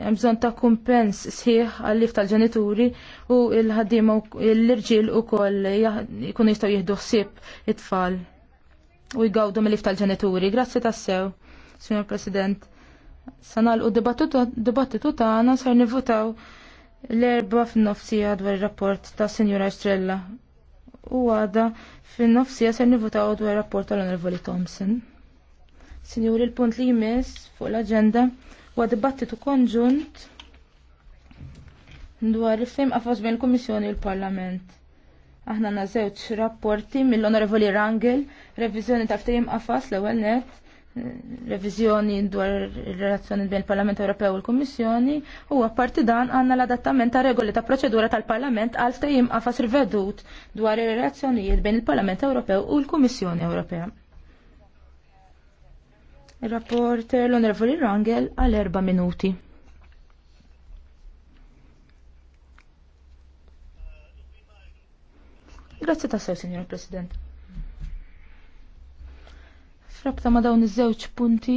hemm bżonn ta' kumpens sħiħ għallif lif tal-ġenituri u l-ħaddiema l-irġiel ukoll jkunu jistgħu jieħdu ħsieb it-tfal u jgawdu mill-lif tal-ġenituri. Grazzi tas-sew, Signor President. Sanal u dibattitu tagħna sar nivutaw l-erba fin-nofsija dwar ir-rapport ta' signora Estrella u għada fin-nofsija ser nivutaw dwar rapport tal-Onorevoli Thompson. Sinjuri, l-punt li jmiss fuq l-agenda Wa dibattitu konġunt dwar il-fejm qafos bejn il-Kummissjoni u l-Parlament. Aħna nażewġ rapporti mill-Onorevoli Rangel, reviżjoni ta' ftehim qafas l-ewwel net, reviżjoni dwar ir-relazzjoni bejn il-Parlament Ewropew u l-Kummissjoni, u apparti dan għandna l-adattament ta' regoli ta' proċedura tal-Parlament għal ftehim qafas rivedut dwar ir-relazzjonijiet bejn il-Parlament Ewropew u l-Kummissjoni Ewropea. Il-rapport l-Onorevoli Rangel għal erba minuti. Grazie ta' sew, Signor President. Frabta ma dawn iż-żewġ punti.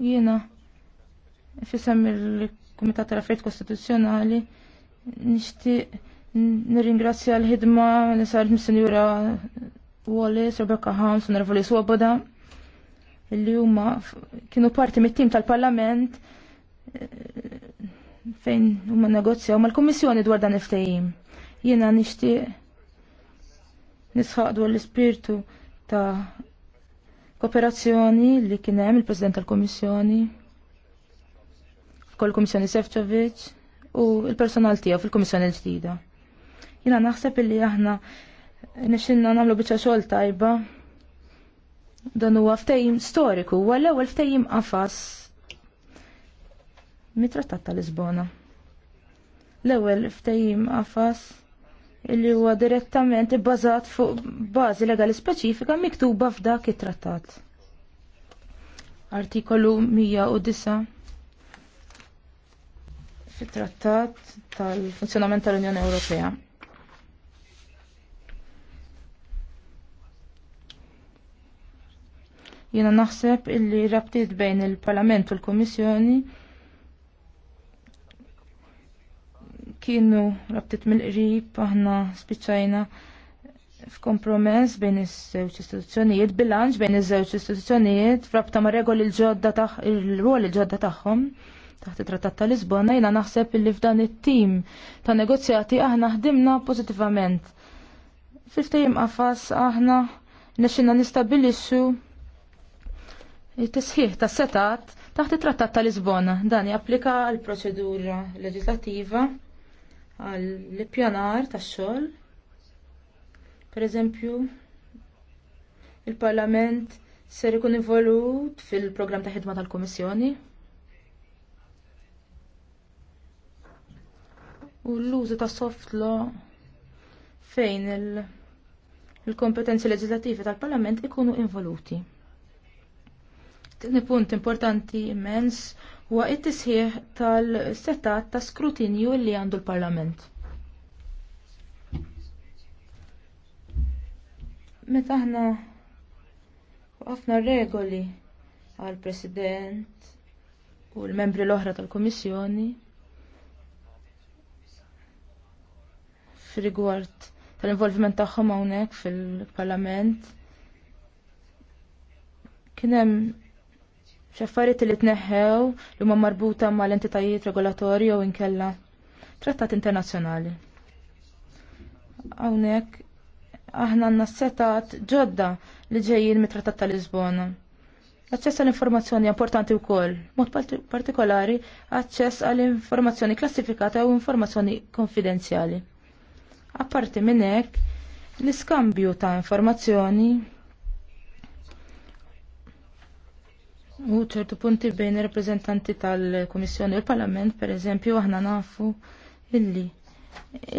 Jiena fisem il-Kumitat tal-Affarijiet Kostituzzjonali nixtieq nirringrazzja l-ħidma li saret mis-Sinjura Wallis, Rebecca Hams, Nervoli Swoboda, li huma kienu parti mit-tim tal-Parlament eh, fejn huma negozjaw mal-Kummissjoni dwar dan il-ftehim. Jiena nixtieq nisħaq dwar l-ispirtu ta' kooperazzjoni li kien hemm il-President tal-Kummissjoni, kol kummissjoni Sefcovic u il-personal tiegħu fil-Kummissjoni l-ġdida. Jiena naħseb illi aħna nixinna namlu bieċa xol tajba. Dan huwa ftejim storiku, huwa l-ewwel ftejim qafas mit-Trattat ta' Lisbona. L-ewwel ftejim qafas illi huwa direttament ibbażat fuq bażi legali speċifika miktuba f'dak it-trattat. Artikolu 109 fit-trattat tal-funzjonament tal-Unjoni Ewropea. Jena naħseb illi rabtiet bejn il-Parlament u l-Komissjoni kienu rabtiet mill-qrib aħna spiċċajna f'kompromess bejn iż-żewġ istituzzjonijiet, bilanċ bejn iż-żewġ istituzzjonijiet f'rabta ma' regoli l-ġodda taħ il-rwol il-ġodda tagħhom taħt it-Trattat ta' Lisbona jiena naħseb illi f'dan it-tim ta' negozjati aħna ħdimna pożittivament. fil qafas aħna nexxinna nistabilixxu it-tisħiħ tas setat taħt it-Trattat ta' Lisbona. Dan japplika għal proċedura leġislativa għall ta' tax-xogħol. Pereżempju, il-Parlament ser ikun involut fil-programm ta' ħidma tal komissjoni U l-użu ta' soft law fejn il-kompetenzi il leġislativi tal-Parlament ikunu involuti punt importanti immens huwa it-tisħiħ tal-setat ta' skrutinju li għandu l-Parlament. Meta aħna ħafna regoli għal president u l-membri l-oħra tal-Komissjoni fil tal-involviment tagħhom hawnhekk fil-Parlament kien hemm x'affarijiet li tneħħew li huma marbuta mal-entitajiet regolatorji u inkella trattat internazzjonali. Hawnhekk aħna għandna setat ġodda li ġejjin mit-Trattat ta' Lisbona. Aċċess għall-informazzjoni importanti wkoll, mod partikolari aċċess għall-informazzjoni klassifikata u informazzjoni konfidenzjali. Apparti minn hekk, l-iskambju ta' informazzjoni U ċertu punti bejn il-reprezentanti tal-Komissjoni u l-Parlament, per eżempju, aħna nafu illi.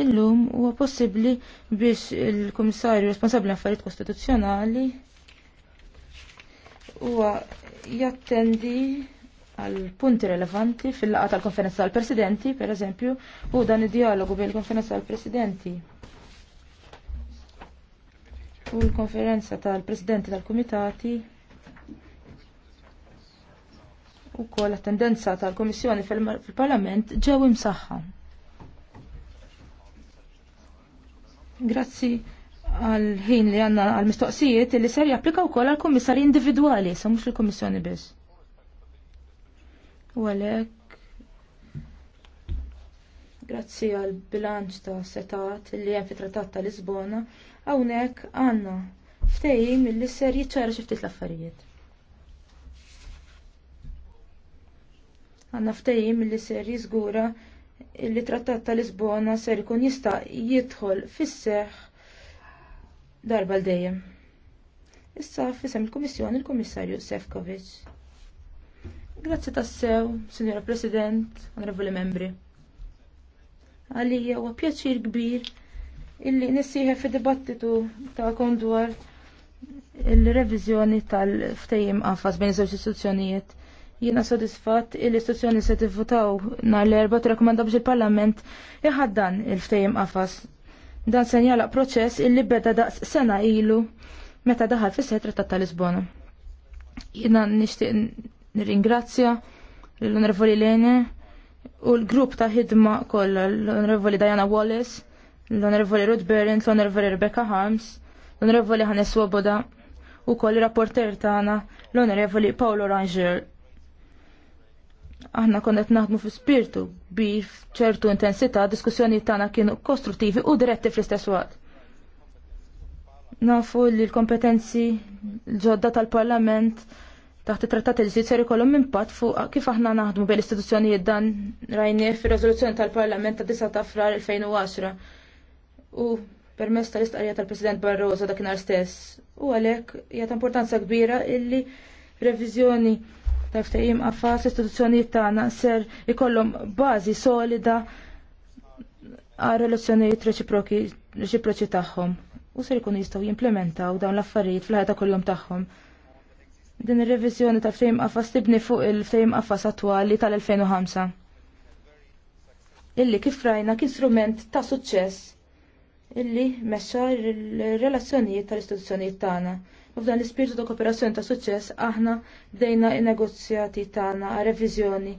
Illum huwa possibbli biex il-Komissarju responsabbli affarijiet kostituzzjonali huwa jattendi għal punti relevanti fil laqgħa tal-konferenza tal-presidenti, per eżempju, u dan id-dialogu bejn il-konferenza tal-presidenti u l-konferenza tal-presidenti tal-komitati u kol tendenza tal-Komissjoni fil-Parlament ġew imsaħħa. Grazzi għal ħin li għanna għal mistoqsijiet li ser japplika u kol għal komissari individuali, sa mux l-komissjoni bis. U għalek, grazzi għal bilanċ ta' setat li għen fi trattat ta' Lisbona, għawnek għanna ftejim li ser jitċara xiftit l-affarijiet. Għanna ftejim li ser jizgura li trattat ta' Lisbona ser ikun jista' jidħol fis-seħ darba l-dejjem. Issa fisem il-Kummissjoni il-Kummissarju Sefkovic. Grazzi tassew, Sinjora President, Onorevoli Membri. Għalija huwa pjaċir kbir illi nissieħe fi dibattitu ta' dwar il-reviżjoni tal-ftejjem qafas bejn iż-żewġ istituzzjonijiet Jiena sodisfatt il-istituzzjoni se tivvutaw nhar l-erba tirrakkomanda biex il-Parlament iħaddan il-ftehim qafas. Dan se proċess proċess illi beda daqs sena ilu meta daħal fis setra ta' Lisbona. Jiena nixtieq nirringrazzja l-Onorevoli Lene u l-grupp ta' ħidma kollha l onrevoli Diana Wallace, l onrevoli Ruth Berend, l onrevoli Rebecca Harms, l onrevoli Hannes Swoboda u koll rapporter tagħna l-Onorevoli Paolo Ranger Aħna konnet naħdmu fi spirtu bi ċertu intensità diskussjoni tagħna kienu kostruttivi u diretti fl-istess waqt. Nafu li l-kompetenzi l-ġodda tal-Parlament taħt it-trattat li ser ikollhom impatt fuq kif aħna naħdmu bejn l-istituzzjonijiet dan rajni fi riżoluzzjoni tal-Parlament ta' 9 ta' frar 2010. U permess tal-istqarrija tal-President Barroso dakinhar stess. U għalhekk hija importanza kbira illi reviżjoni ta' ftehim għafas istituzzjoni tagħna ser ikollhom bażi solida għal relazzjonijiet reċiproċi tagħhom u ser ikunu jistgħu jimplementaw dawn l-affarijiet fl-ħajta kollhom tagħhom. Din ir-reviżjoni ta' ftehim qafas tibni fuq il-ftehim qafas attwali tal-2005. Illi kif rajna kien strument ta' suċċess illi mexxa il-relazzjonijiet tal-istituzzjonijiet tagħna. U f'dan l-ispirtu ta' kooperazzjoni ta' suċċess aħna bdejna n-negozjati tagħna għal reviżjoni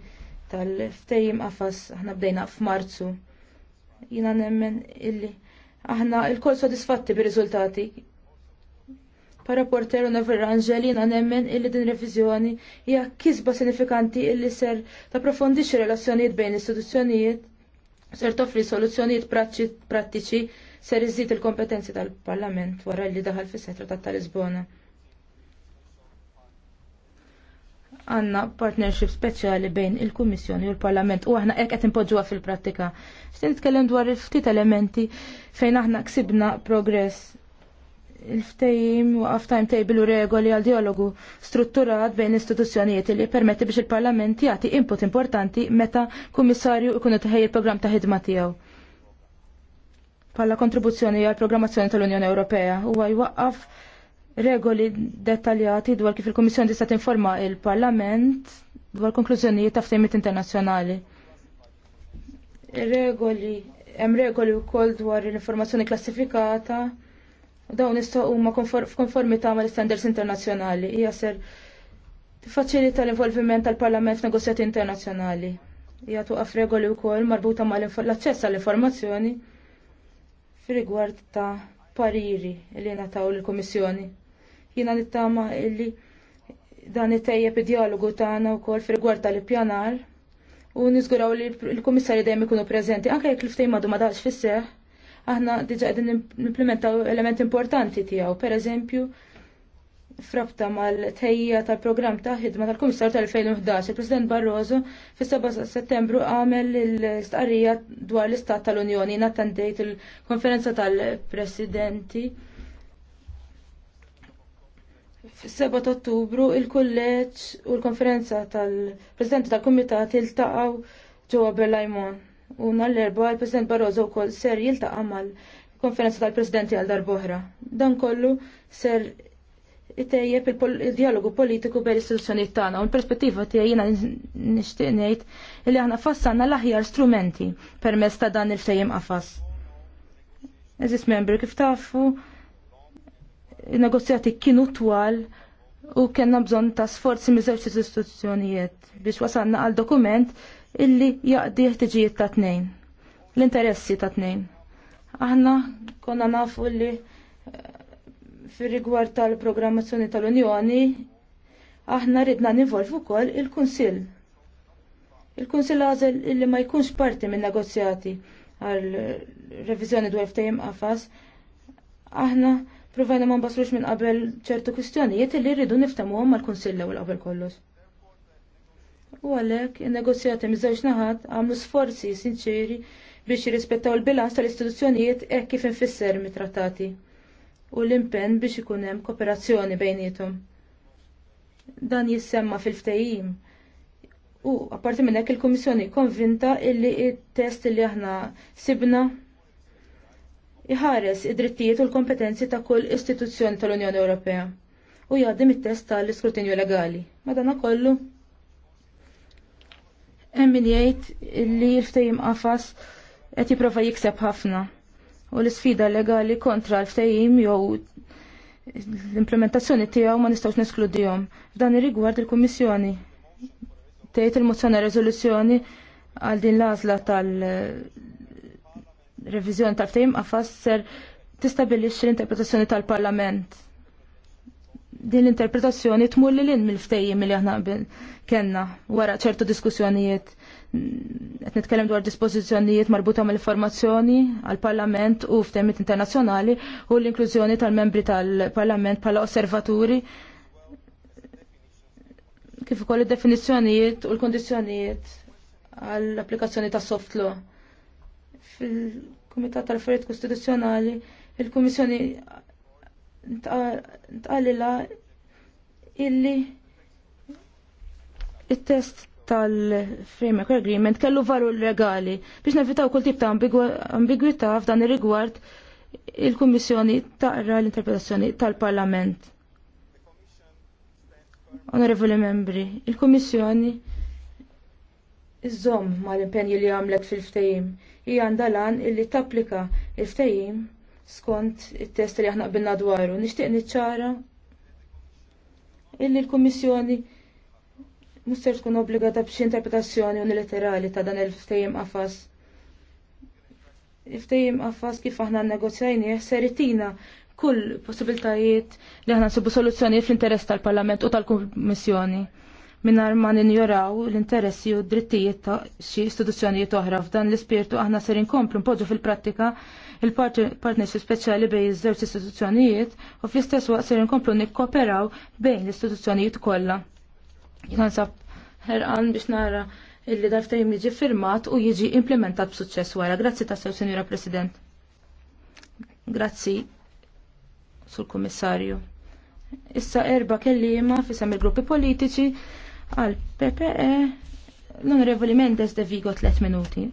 tal-ftejim qafas aħna bdejna f'Marzu. Jiena nemmen illi aħna il-kol sodisfatti bir-riżultati Paraporter Never jina nemmen illi din revizjoni hija kisba sinifikanti illi ser ta' profondixi relazzjonijiet bejn l-istituzzjonijiet, ser toffri soluzzjonijiet prattiċi ser iżid il-kompetenzi tal-Parlament wara li daħal fis setra tat talisbona lisbona Għanna partnership speċjali bejn il-Kummissjoni u l-Parlament u aħna hekk qed impoġġuha fil-prattika. Xtin nitkellem dwar il ftit elementi fejn aħna ksibna progress il-ftejim u għaf timetable u regoli għal dialogu strutturat bejn istituzzjonijiet li permetti biex il-Parlament jagħti input importanti meta kummissarju ikunu taħej il-programm ta' ħidma tiegħu bħala kontribuzzjoni għal programmazzjoni tal-Unjoni Ewropea u jwaqqaf regoli dettaljati dwar kif il-Komissjoni tista' tinforma il-Parlament dwar konklużjonijiet ta' ftehimiet internazzjonali. Regoli hemm regoli wkoll dwar l-informazzjoni klassifikata u dawn nistgħu huma f'konformità mal standards internazzjonali. Hija ser tiffaċilita l-involviment tal-Parlament f'negozjati internazzjonali. Hija tuqaf regoli wkoll marbuta mal-aċċess għall-informazzjoni fil-rigward ta' pariri li nataw l-Komissjoni. Jina nittama illi dan it-tejjeb id-dialogu tagħna wkoll fil-rigward tal-ippjanar u niżguraw li l-Kummissarji dejjem ikunu preżenti anke jekk l-ftehim għadu ma dax fis-seħ aħna diġa qegħdin implementaw element importanti tiegħu, pereżempju frabta mal-tejja tal-programm ta' ħidma tal-Komissar tal-2011, il-President Barroso fis-7 settembru għamel l-istqarrija dwar l-Istat tal-Unjoni nattendejt il-konferenza tal-Presidenti. Fis-7 ottubru il-kulleġġ u l-konferenza tal-Presidenti tal-Kumitat iltaqgħu ġewwa Berlajmon. U nhar l-erba' il-President Barroso wkoll ser jiltaqa' mal-konferenza tal-Presidenti għal darbohra. Dan kollu ser I-tejjeb il-dialogu politiku bejn l-istituzzjonijiet tagħna u l-perspettiva tiegħi jiena nixtieq ngħid li aħna fassanna l-aħjar strumenti permezz ta' dan il-fejjem qafas. Eżis membri kif tafu il-negozjati kienu twal u kellna bżonn ta' sforzi miżewġ istituzzjonijiet biex wasalna għal dokument illi jaqdi ħtiġijiet ta' tnejn, l-interessi ta' tnejn. Aħna konna nafu li Fir-rigward tal-programmazzjoni tal-Unjoni, aħna ridna nivolvu wkoll il-Kunsill. Il-Kunsill għażel illi ma jkunx parti minn negozjati għal reviżjoni dwar ftehim qafas. Aħna provajna ma nbasrux minn qabel ċertu kwistjonijiet illi rridu niftamuhom mal-Kunsill l qabel kollox. U għalhekk in-negozjati miż-żewġ naħat għamlu sforzi sinċeri biex jirrispettaw il-bilanċ tal-istituzzjonijiet hekk kif infisser mit-trattati u l-impenn biex ikun hemm kooperazzjoni bejnietom. Dan jissemma fil-ftehim. U apparti minn hekk il-Kummissjoni konvinta illi it-test li aħna sibna iħares id-drittijiet u l-kompetenzi ta' kull istituzzjoni tal-Unjoni Ewropea u jgħaddim it-test tal-iskrutinju legali. Madana kollu, emmin jgħid li l-ftejim qafas qed jipprova jikseb ħafna u l-sfida legali kontra l-ftejim jew l-implementazzjoni tiegħu ma nistgħux neskludihom. F'dan ir-rigward il-Kummissjoni tgħid il-mozzjoni riżoluzzjoni għal din l-għażla tal-reviżjoni tal-ftehim qafasser tistabilixxi l-interpretazzjoni tal-Parlament. Din l-interpretazzjoni tmur lil mill-ftejjim li aħna kenna wara ċertu diskussjonijiet qed nitkellem dwar dispożizzjonijiet marbuta mill-informazzjoni għall parlament u ftemmit internazzjonali u l-inklużjoni tal-membri tal-Parlament bħala osservaturi kif ukoll id-definizzjonijiet u l-kondizzjonijiet għall-applikazzjoni ta' soft law. Fil-Kumitat tal-Affarijiet Kostituzzjonali, il-Kummissjoni ntqalilha illi it-test tal-framework agreement kellu varu legali biex nevitaw kull tip ta' ambigwità f'dan ir-rigward il-Kummissjoni taqra l-interpretazzjoni tal-Parlament. Onorevoli membri, il-Kummissjoni iżżomm mal-impenji li għamlet fil-ftehim hija għandalan illi tapplika il-ftehim skont it-test li aħna qbilna dwaru. Nixtieq niċċara illi l-Kummissjoni il muster tkun obbligata b'xi interpretazzjoni unilaterali ta' dan il ftejim qafas. il ftejim qafas kif aħna negozjajni seritina kull possibiltajiet li aħna nsibu soluzzjoni fl-interess tal-Parlament u tal-Kummissjoni minnar ma ninjoraw l-interessi u d-drittijiet ta' xi istituzzjonijiet oħra f'dan l-ispirtu aħna ser inkomplu npoġġu fil-prattika il-partnership speċjali bejn iż-żewġ istituzzjonijiet u fl-istess waqt ser inkomplu nikkoperaw bejn l-istituzzjonijiet kollha. Jina nsab ħerqan biex nara illi darftejn jiġi firmat u jiġi implementat b'suċċess wara. Grazzi ta' sew, Sinjura President. Grazzi, Sur Kummissarju. Issa erba kellima fisem il-gruppi politiċi għal PPE l-Onorevoli Mendes de Vigo 3 minuti.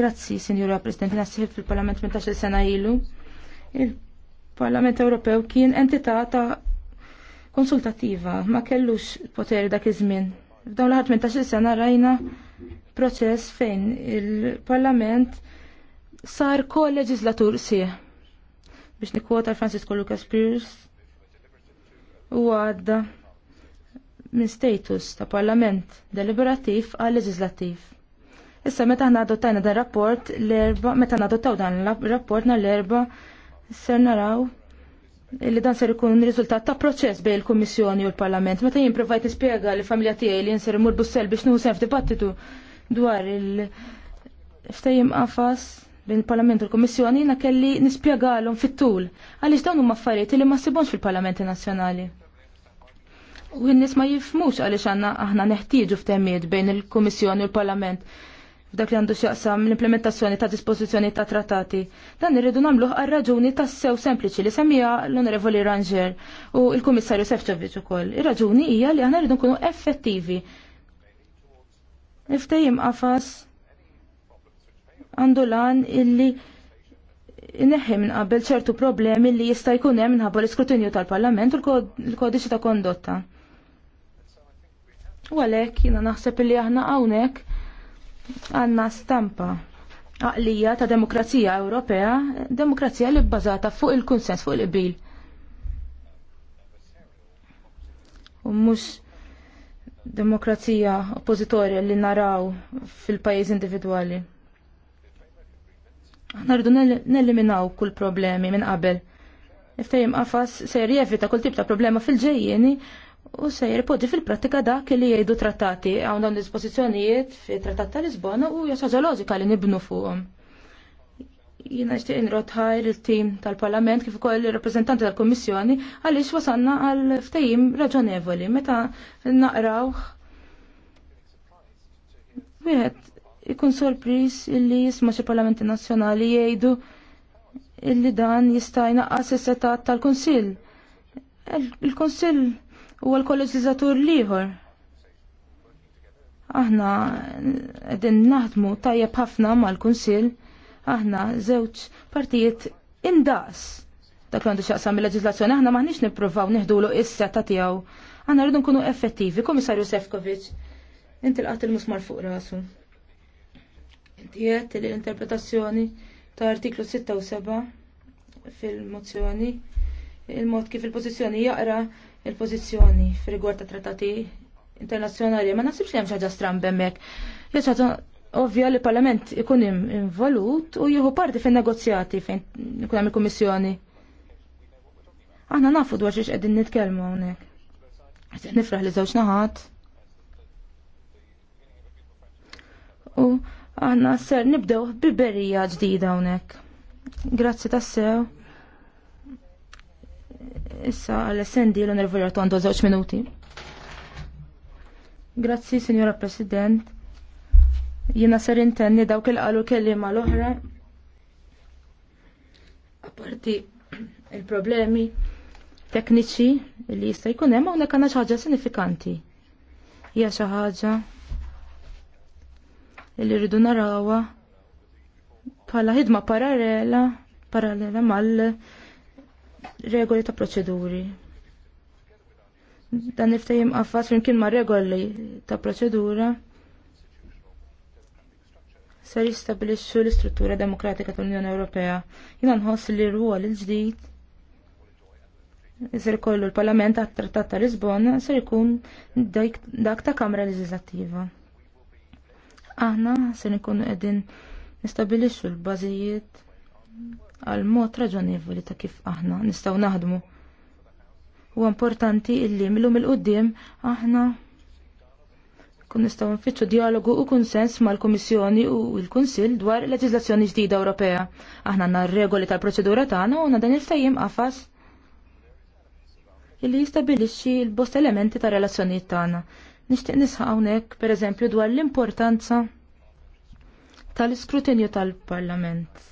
Grazzi, Sinjura President, nasib fil-Parlament 18 sena ilu. Il Parlament Ewropew kien entità ta' konsultattiva ma kellux poteri dak iż-żmien. F'dawn l-18 sena rajna proċess fejn il-Parlament sar ko-leġislatur sieħ biex nikwota Francisco Lucas Pierce u għadda minn status ta' parlament deliberativ għal leġislativ. Issa meta ħna adottajna dan rapport l-erba, meta ħna adottaw dan rapport na l-erba ser naraw li dan ser ikun riżultat ta' proċess bejn il-Kummissjoni u l-Parlament. Meta jien provajt nispjega li familja tiegħi li jinser imur Bussell biex nusen f'dibattitu dwar il ftej qafas bejn il-Parlament u l-Kummissjoni jiena kelli nispjegalhom fit-tul għaliex dawn huma affarijiet li ma sibonx fil-Parlamenti Nazzjonali. U n-nies ma jifmux għaliex għandna aħna neħtieġu f'temmiet bejn il-Kummissjoni u l-Parlament f'dak li għandu x'jaqsam l-implementazzjoni ta' dispożizzjoni ta' trattati. Dan irridu nagħmluh għal raġuni ta' sew sempliċi li semmija l-Onorevoli Ranger u l-Kummissarju Sefcovic ukoll. Ir-raġuni hija li aħna rridu nkunu effettivi. Niftejjem qafas għandu lan illi neħi minn qabel ċertu problemi li jista' jkun hemm minħabba l-iskrutinju tal-Parlament u l-kodiċi ta' kondotta. U għalhekk jiena naħseb li aħna hawnhekk għanna stampa għaqlija ta' demokrazija Ewropea, demokrazija li bbażata fuq il-konsens, fuq il-qbil. U mhux demokrazija oppożitorja li naraw fil-pajjiż individwali. Aħna rridu neliminaw kull problemi minn qabel. Iftajim qafas ser jevita kull tip ta' problema fil-ġejjeni u se jirpodi fil-pratika dak li jgħidu trattati għawna l dispożizzjonijiet fi trattat ta' Lisbona u jasaġa loġika li nibnu fuqhom. Jiena nixtieq nrotħajr il-tim tal-Parlament kif ukoll ir-rappreżentanti tal-Kummissjoni għaliex wasanna għal ftehim raġonevoli meta naqraw wieħed ikun sorpriż illi jisma' xi parlamenti nazzjonali jgħidu illi dan jista' jnaqqas is-setat tal-Kunsill. Il-Kunsill il kunsill u għal-kolleġizzatur liħor. Aħna għedin naħdmu tajjeb ħafna mal-Kunsil, aħna zewċ partijiet indaqs. Dak għandu xaqsam il-leġizlazzjoni, aħna maħnix niprofaw neħdu l is-seta tijaw. Aħna rridu nkunu effettivi, komissarju Sefkovic, inti l-qat il-musmar fuq rasu. Inti għed l-interpretazzjoni ta' artiklu 6 u 7 fil-mozzjoni, il-mod kif il-pozizjoni jaqra il-pożizzjoni f'rigward rigward ta' trattati internazzjonali ma nasibx li hemm xi ħaġa stran bemmek. ovvja li parlament ikun involut u jieħu parti fin negozjati fejn ikun hemm il-Kummissjoni. Aħna nafu dwar xiex qegħdin nitkellmu hawnhekk. Qed nifraħ li żewġ naħat. U aħna ser nibdew biberija ġdida hawnhekk. Grazzi tassew. Issa għal-essendi l-onorevoli Rotondo, żewġ minuti. Grazzi, Signora President. Jiena ser intenni dawk il-qalu kelliema l-oħra. Apparti il-problemi tekniċi li jista' jkun hemm hawnhekk għandna xi ħaġa sinifikanti. Hija xi ħaġa li rridu narawha bħala ħidma paralela parallela mal regoli ta' proċeduri. Dan niftajim għaffas flimkien ma' regoli ta' proċedura ser jistabilixxu l-istruttura demokratika tal-Unjoni Ewropea. Jina nħoss li rwol il-ġdid ser kollu l-Parlament għat trattat ta' Lisbon ser jkun dak ta' Kamra Legislativa. Aħna ser ikunu qegħdin nistabilixxu l-bażijiet għal mod raġonevoli ta' kif aħna nistgħu naħdmu. Huwa importanti illi millum il-qudiem aħna kun nistgħu nfittxu dialogu u kunsens mal-Kummissjoni u l-Kunsill dwar il-leġislazzjoni ġdida Ewropea. Aħna għandna regoli tal-proċedura tagħna u dan il-fejjim qafas illi jistabilixxi l-bost elementi ta' relazzjonijiet tagħna. Nixtieq nisħaq hawnhekk pereżempju dwar l-importanza tal-iskrutinju tal-Parlament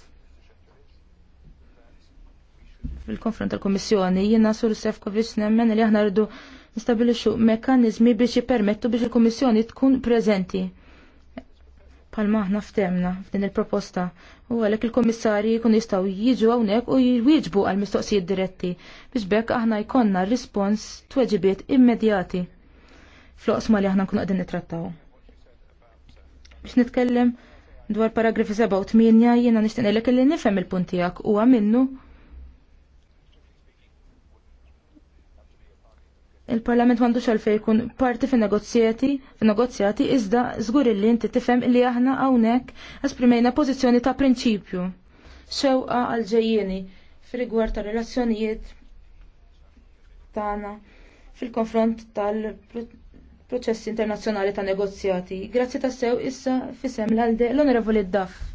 fil-konfront tal-Komissjoni jiena sur Sefkovic nemmen li aħna rridu nistabilixxu mekkaniżmi biex jippermettu biex il-Komissjoni tkun preżenti palma aħna ftemna f'din il-proposta u għalhekk il-komissari jkun jistgħu jiġu hawnhekk u jwieġbu għal mistoqsijiet diretti biex bekk aħna jkollna rispons tweġibiet immedjati fl-oqsma li aħna nkunu qegħdin nittrattaw. Biex nitkellem dwar paragrafi 7 u 8 jiena nixtieq ngħidlek li nifhem il-punt tiegħek huwa minnu il-Parlament m'għandux għalfej jkun parti fi negozjati fin-negozjati iżda żgur illi inti tifhem illi aħna hawnhekk esprimejna pożizzjoni ta' prinċipju. Xewqa għal ġejjieni fir-rigward ta' relazzjonijiet tagħna fil-konfront tal proċessi internazzjonali ta' negozjati. Grazzi ta' sew issa fisem l-għalde l-Onorevoli Daff.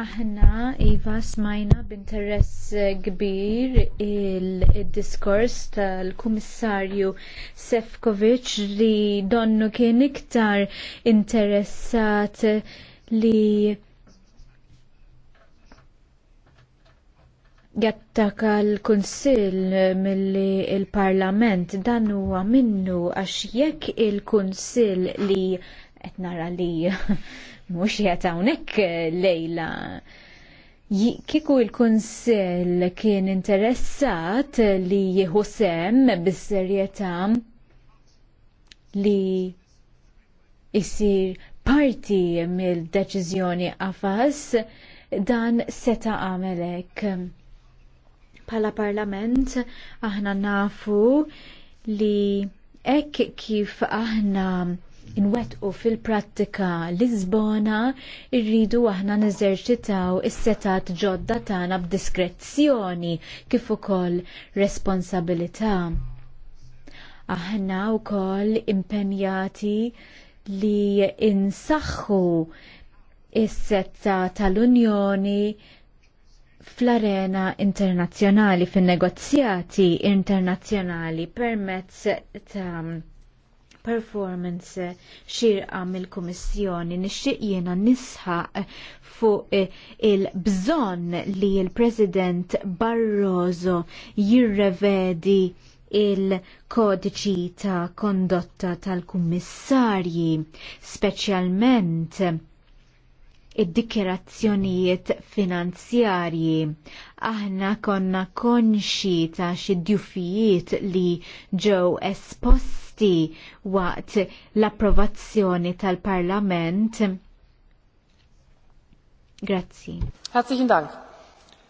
Aħna, Iva, smajna b'interess kbir il-diskors tal-Kummissarju Sefkovic li donnu kien iktar interessat li jattaka l-Kunsill milli l parlament dan huwa minnu għax jekk il-Kunsill li qed nara li mux jatawnek eh, lejla. Kiku il-Kunsel kien interessat li jieħu bis-serjetà li jisir parti mill-deċiżjoni għafas dan seta għamelek. Pala parlament aħna nafu li ek kif aħna u fil-prattika Lisbona irridu aħna nizerċitaw is-setat ġodda tagħna b'diskrezzjoni kif ukoll responsabilità. Aħna wkoll impenjati li insaħħu is-setta tal-Unjoni fl-arena internazzjonali fin-negozjati internazzjonali permezz ta' performance xirqa mill-Kummissjoni nixtieq jiena nisħaq fuq eh, il-bżonn li l-President Barroso jirrevedi il-kodiċi ta' kondotta tal-kummissarji, speċjalment id-dikjerazzjonijiet finanzjarji. Aħna konna konxi ta' xi djufijiet li ġew esposti proposti waqt l-approvazzjoni tal-Parlament. Grazzi. Herzlichen Dank.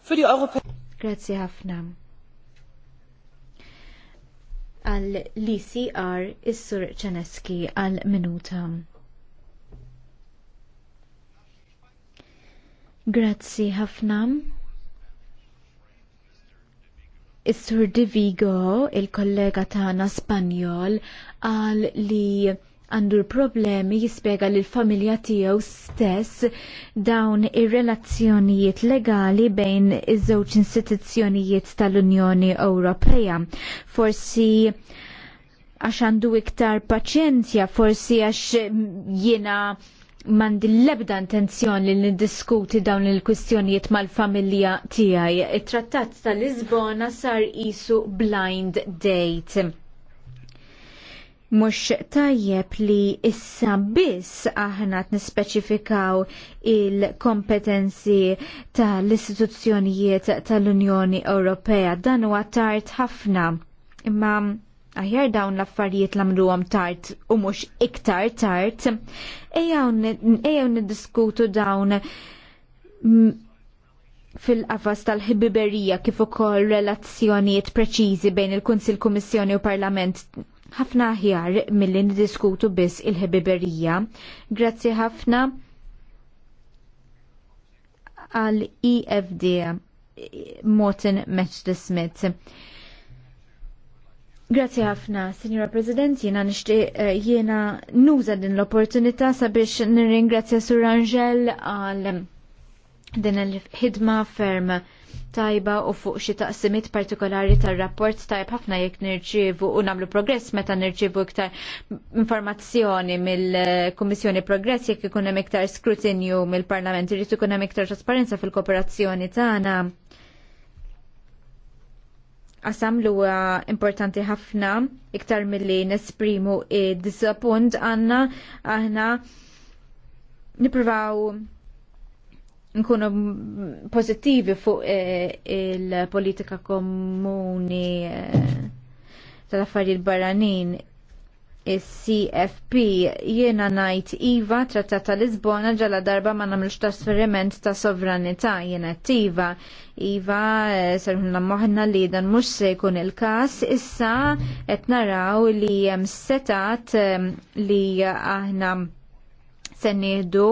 Für die Europä Grazzi ħafna. al l-ICR is-Sur Ċaneski għal minuta. Grazzi ħafna. Is-Sur Divigo, il-kollega tagħna Spanjol, qal li għandu l-problemi jispjega l familja tiegħu stess dawn ir-relazzjonijiet legali bejn iż-żewġ istituzzjonijiet tal-Unjoni Ewropea. Forsi għax għandu iktar paċenzja, forsi għax jiena mandi l-ebda intenzjon li niddiskuti dawn il-kwistjonijiet mal-familja tiegħi. It-trattat tal Lisbona sar isu blind date. Mhux tajjeb li issa biss aħna t-nispeċifikaw il-kompetenzi tal-istituzzjonijiet tal-Unjoni Ewropea. Dan huwa tard ħafna. Imma aħjar dawn l-affarijiet l-amluhom tard u mhux iktar tard, ejjew niddiskutu dawn fil-qafas tal-ħibiberija kif ukoll relazzjonijiet preċiżi bejn il-Kunsil Kummissjoni u Parlament ħafna aħjar milli niddiskutu biss il-ħibiberija. Grazzi ħafna għal EFD Morton Match Smith. Grazzi ħafna, Signora President, jena nishti eh, jena nuża din l-opportunità sabiex nirringrazzja Sur Angel għal din il ħidma ferm tajba u fuq xi taqsimiet partikolari tar-rapport tajb ħafna jekk nirċievu u nagħmlu progress meta nirċievu iktar informazzjoni mill-Kummissjoni Progress jekk ikun hemm iktar skrutinju mill-Parlament irid ikun hemm iktar trasparenza fil-kooperazzjoni tagħna qasam li huwa importanti ħafna iktar milli nesprimu id-disappunt għanna aħna nippruvaw nkunu pozittivi fuq eh, il-politika komuni eh, tal-affarijiet barranin is-CFP jiena ngħid iva trattat ta' Lisbona ġala darba ma nagħmlux trasferiment ta' sovranità jiena attiva. Iva, iva eh, serħulna moħna li dan mhux se jkun il-każ issa qed naraw li hemm setat eh, li aħna se nieħdu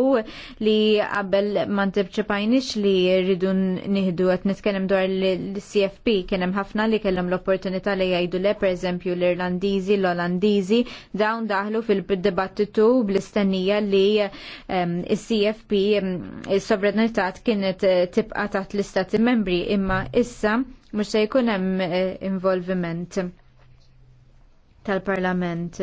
li qabel ma ntibċipajniex li rridu nieħdu qed nitkellem dwar l-CFP kien hemm ħafna li kellhom l-opportunità li jgħidu le pereżempju l-Irlandiżi, l-Olandiżi dawn daħlu fil-dibattitu bl-istennija li ehm, is-CFP ehm, is-sovranità kienet eh, tibqa' taħt l-istati membri imma issa mhux se jkun hemm eh, involviment tal-Parlament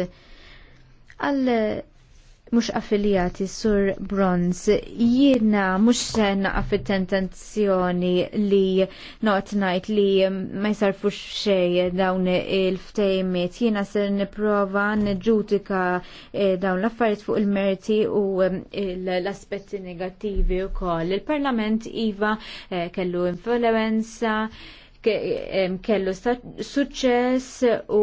mux affiljati sur bronz, jiena mux sen fit tentazzjoni li not ngħid li ma jisarfu xej dawn il-ftejmit, jiena se niprofa nġutika eh, dawn l-affarijiet fuq il-merti u eh, l-aspetti negativi u koll. Il-parlament Iva eh, kellu influenza, kellu suċċess u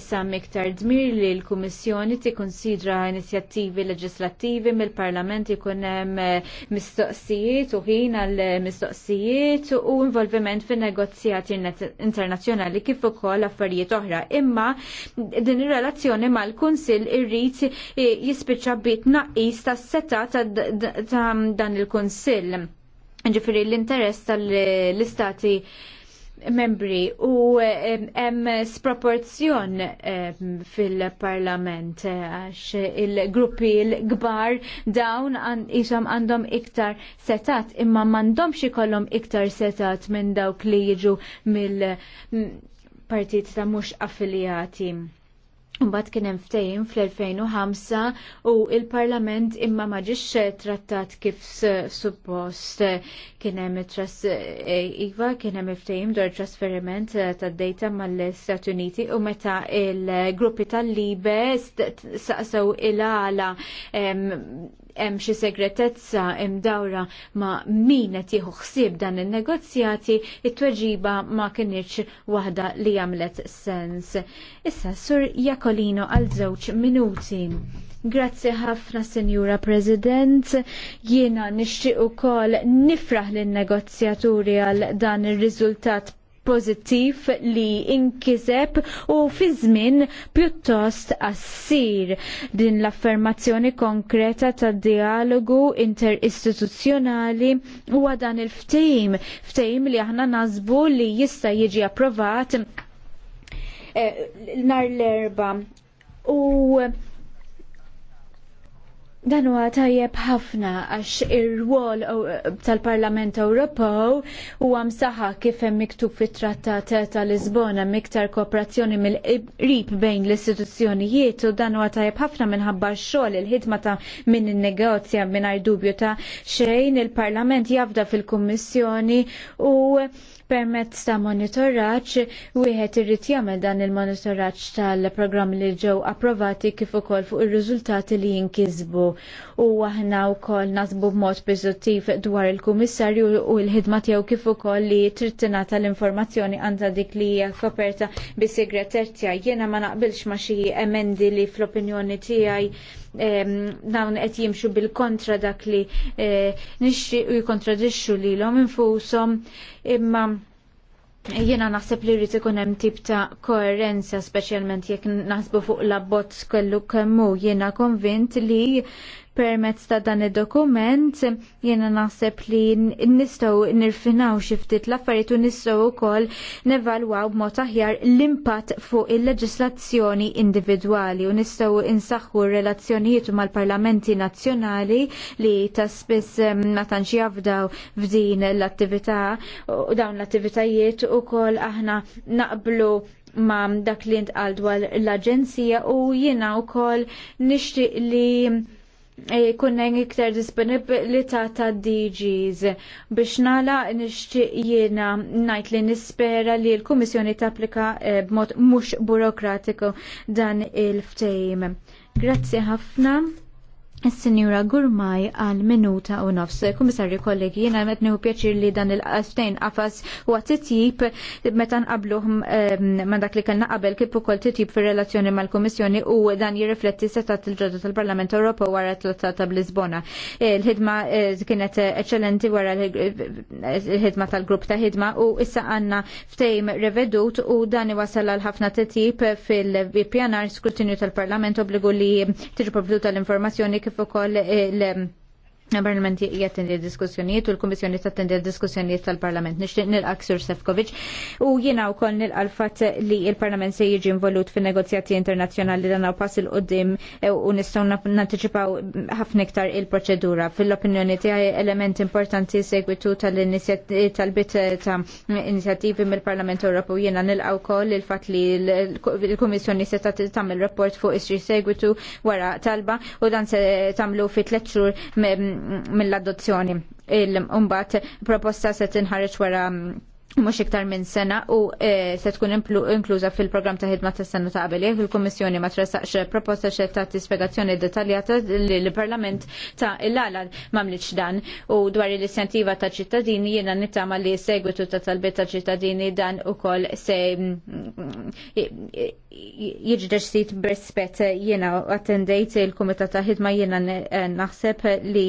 issa miktar dmir li l-Kummissjoni tikkonsidra inizjattivi leġislattivi mill-Parlament ikun hemm eh, mistoqsijiet u ħin għal eh, mistoqsijiet u involviment fin negozjati internazzjonali kif ukoll affarijiet oħra. Imma din ir-relazzjoni mal-Kunsill irrid eh, jispiċċa bit naqis tas-seta ta' dan il-Kunsill. Ġifieri l-interess tal-istati membri u hemm sproporzjon fil-parlament eh, għax il-gruppi l-gbar dawn isom għandhom iktar setat imma m'għandhomx ikollhom iktar setat minn dawk li jiġu mill-partit ta' mhux affiljati. Mbagħad kien hemm ftehim fl-2005 u il-Parlament imma ma ġiex eh, trattat kif suppost kien hemm eh, iva kien hemm ftehim dwar trasferiment eh, tad-dejta mal istati Uniti u meta il-gruppi tal-Libe saqsew il-għala hemm xi segretezza dawra ma' min qed jieħu ħsieb dan in-negozjati, it-tweġiba ma kinitx waħda li għamlet sens. Issa sur Jakolino għal żewġ minuti. Grazzi ħafna, Senjura President. Jiena nixtieq ukoll nifraħ lin negozjaturi għal dan ir-riżultat pożittiv li inkiseb u fi żmien pjuttost qassir. Din l-affermazzjoni konkreta ta' dialogu interistituzzjonali huwa dan il-ftehim, ftehim li aħna nażbu li jista' jiġi approvat eh, nar l-erba' u Dan huwa tajjeb ħafna għax ir-rwol tal-Parlament Ewropew huwa msaħħa kif hemm miktub fit-Trattat tal-Lisbona miktar kooperazzjoni mill-qrib bejn l-istituzzjonijiet u dan huwa tajjeb ħafna minħabba x-xogħol il-ħidma ta' min in-negozja mingħajr dubju ta' xejn il-Parlament jafda fil-Kummissjoni u permezz ta' monitoraġġ wieħed irid jagħmel dan il-monitoraġġ tal-programmi li ġew approvati kif ukoll fuq ir-riżultati li jinkisbu. U aħna wkoll nasbu b'mod pożittiv dwar il-Kummissarju u l-ħidma tiegħu kif ukoll li trid tingħata l-informazzjoni għandha dik li hija koperta bis-segreterzja. Jiena ma naqbilx ma xi emendi li fl-opinjoni tiegħi dawn qed jimxu bil-kontra dak li eh, nixxi u jikontradixxu lilhom infushom imma Jena naħseb li rrit ikun hemm tip ta' koerenza speċjalment jekk naħsbu fuq l-abbozz kellu kemmu jiena konvint li Permezz ta' dan id-dokument jiena naħseb li nistgħu nirfinaw xi ftit l-affarijiet u nistgħu wkoll nevalwaw b'mod aħjar l-impatt fuq il-leġislazzjoni individwali u nistgħu insaħħu relazzjonijiet mal-parlamenti nazzjonali li ta' spiss ma tantx jafdaw f'din l-attività u dawn l-attivitajiet ukoll aħna naqblu ma dak li ntqal dwar l-Aġenzija u jiena wkoll nixtieq li kunna iktar disponibilità ta' DGs biex nala nishtiq jiena najt li nispera li l-Kummissjoni tapplika eh, b'mod mhux burokratiku dan il-ftehim. Grazzi ħafna. Is-Sinjura Gurmaj għal minuta u nofs. Kummissarju kollegi, jena metni u pjaċir li dan il-qastejn għafas u għat-titjib meta nqabluħ ehm, ma li kellna qabel kif ukoll titjib fir-relazzjoni mal-Kummissjoni u dan jirrifletti setat il-ġodda tal-Parlament Europa wara t lottat ta' Lisbona. Il-ħidma eh, kienet eċċellenti wara il-ħidma eh, tal-grupp ta' ħidma u issa għandna ftejm revedut u dan iwasal għal ħafna titjib fil vpnr skrutinju tal-Parlament obbligu li tiġi tal-informazzjoni kif ukoll il- Naparlament jattendi l diskussjonijiet u l-Komissjoni ta' tendel diskussjonijiet tal-Parlament. Nishtiq nilqa Sir Sefkovic u jiena u koll nil l li il-Parlament se jiġi involut fin negozjati internazjonali dan e, u pass il-qoddim u nistaw nanticipaw ħafna iktar il-proċedura. Fil-opinjoni tiegħi element importanti segwitu tal-bit ta' inizjattivi mill-Parlament Ewropew jiena nilqa wkoll il-fatt li l-Komissjoni se tagħmel rapport fuq is-segwitu wara talba u dan se tagħmlu fi tletxur mill-adozzjoni. Il-umbat proposta se tinħarġ wara mm, mux iktar minn sena u e, se tkun inkluża fil-programm ta' ħidma ta' sena ta' qabel jekk il-Kummissjoni ma tressaqx proposta xi ta' tispjegazzjoni dettaljata li l-Parlament ta' il-għala mamliċ dan u dwar l-inizjattiva ta' ċittadini jiena nittama li segwitu ta' talbiet ta' ċittadini dan ukoll se mm, mm, jiġi deċsit b'rispett jiena attendejt il-Kumitat ta' ħidma jiena naħseb li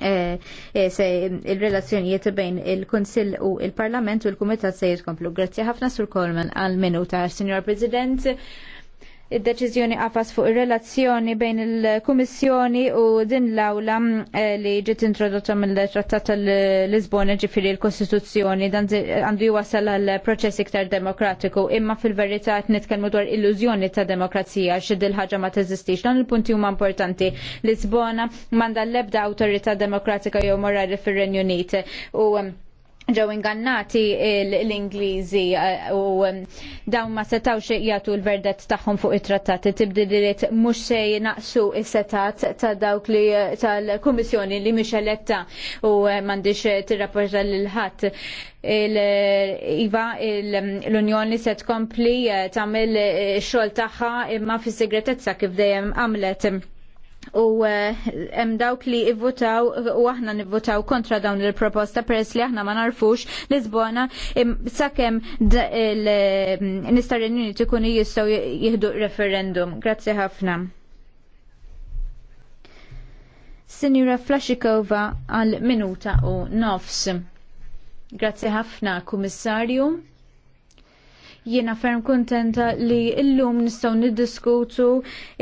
Eh, eh, se il-relazzjonijiet bejn il-Konsil u il-Parlament u l-Kumitat se jitkomplu. Grazzi ħafna sur Kolman għal-minuta, Signor President id-deċiżjoni qafas fuq ir-relazzjoni bejn il-Kummissjoni u din l-awla eh, li ġiet introdotta mill-Trattat tal-Lisbona ġifiri l-Kostituzzjoni dan għandu jwasal għal proċess iktar demokratiku imma fil-verità qed nitkellmu dwar illużjoni ta' demokrazija xi il ħaġa ma teżistix dan il-punti huma importanti. Lisbona manda l-ebda awtorità demokratika jew morali fir-Renju Unit u ġew ingannati l-Ingliżi eh, u dawn ma setawx jagħtu l-verdet tagħhom fuq it-trattati tibdiliet mhux se jinaqsu is-setat ta' dawk li tal-Kummissjoni li mhix eletta u eh, m'għandix tirrapporta lil ħadd iva l-Unjoni se tkompli eh, tagħmel xogħol tagħha imma fis-segretezza kif dejjem għamlet u eh, hemm dawk li ivvutaw u aħna nivvutaw kontra dawn il-proposta peress li aħna ma narfux Lisbona sakemm nistar Unit ikunu jistgħu jieħdu referendum. Grazzi ħafna. Sinjura Flashikova għal minuta u nofs. Grazzi ħafna, Kummissarju. Jiena ferm kuntenta li illum nistgħu niddiskutu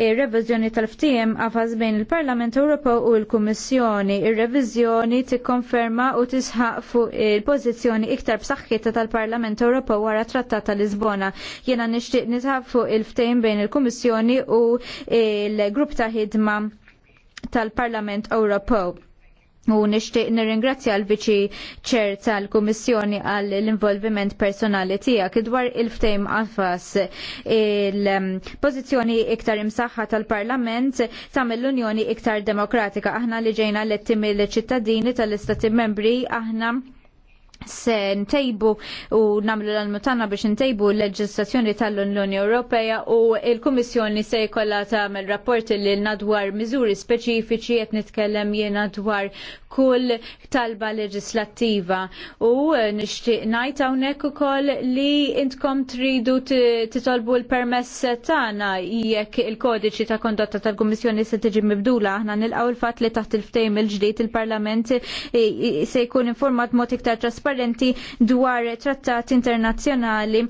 ir-reviżjoni tal-ftiem għafas bejn il-Parlament Ewropew u l-Kummissjoni. Ir-reviżjoni tikkonferma u tisħaq fuq il-pożizzjoni iktar b'saħħitha tal-Parlament Ewropew wara Trattat ta' Lisbona. Jiena nixtieq nisħaq fuq il-ftehim bejn il-Kummissjoni u l-grupp ta' ħidma tal-Parlament Ewropew U nishtiq nirringrazzja l viċi ċer tal-Kummissjoni għall l-involviment personali tiegħek dwar il-ftejm għafas il-pozizjoni um, iktar imsaħħa tal-Parlament tagħmel l-Unjoni iktar demokratika. Aħna li ġejna l-etti mill-ċittadini tal-Istati membri aħna se ntejbu u namlu l-almutanna biex ntejbu l-leġislazzjoni tal-Unjoni Ewropea u il-Kummissjoni se jkollha tagħmel rapport li nadwar miżuri speċifiċi qed nitkellem jiena dwar kull talba leġislattiva u nixtieq ngħid hawnhekk ukoll li intkom tridu titolbu l-permess tagħna jekk il-kodiċi ta' kondotta tal-Kummissjoni se tiġi mibdula aħna nilqgħu l-fatt li taħt il-ftejm il-ġdid il-Parlament se jkun informat mod iktar trasparenti trasparenti dwar trattati internazzjonali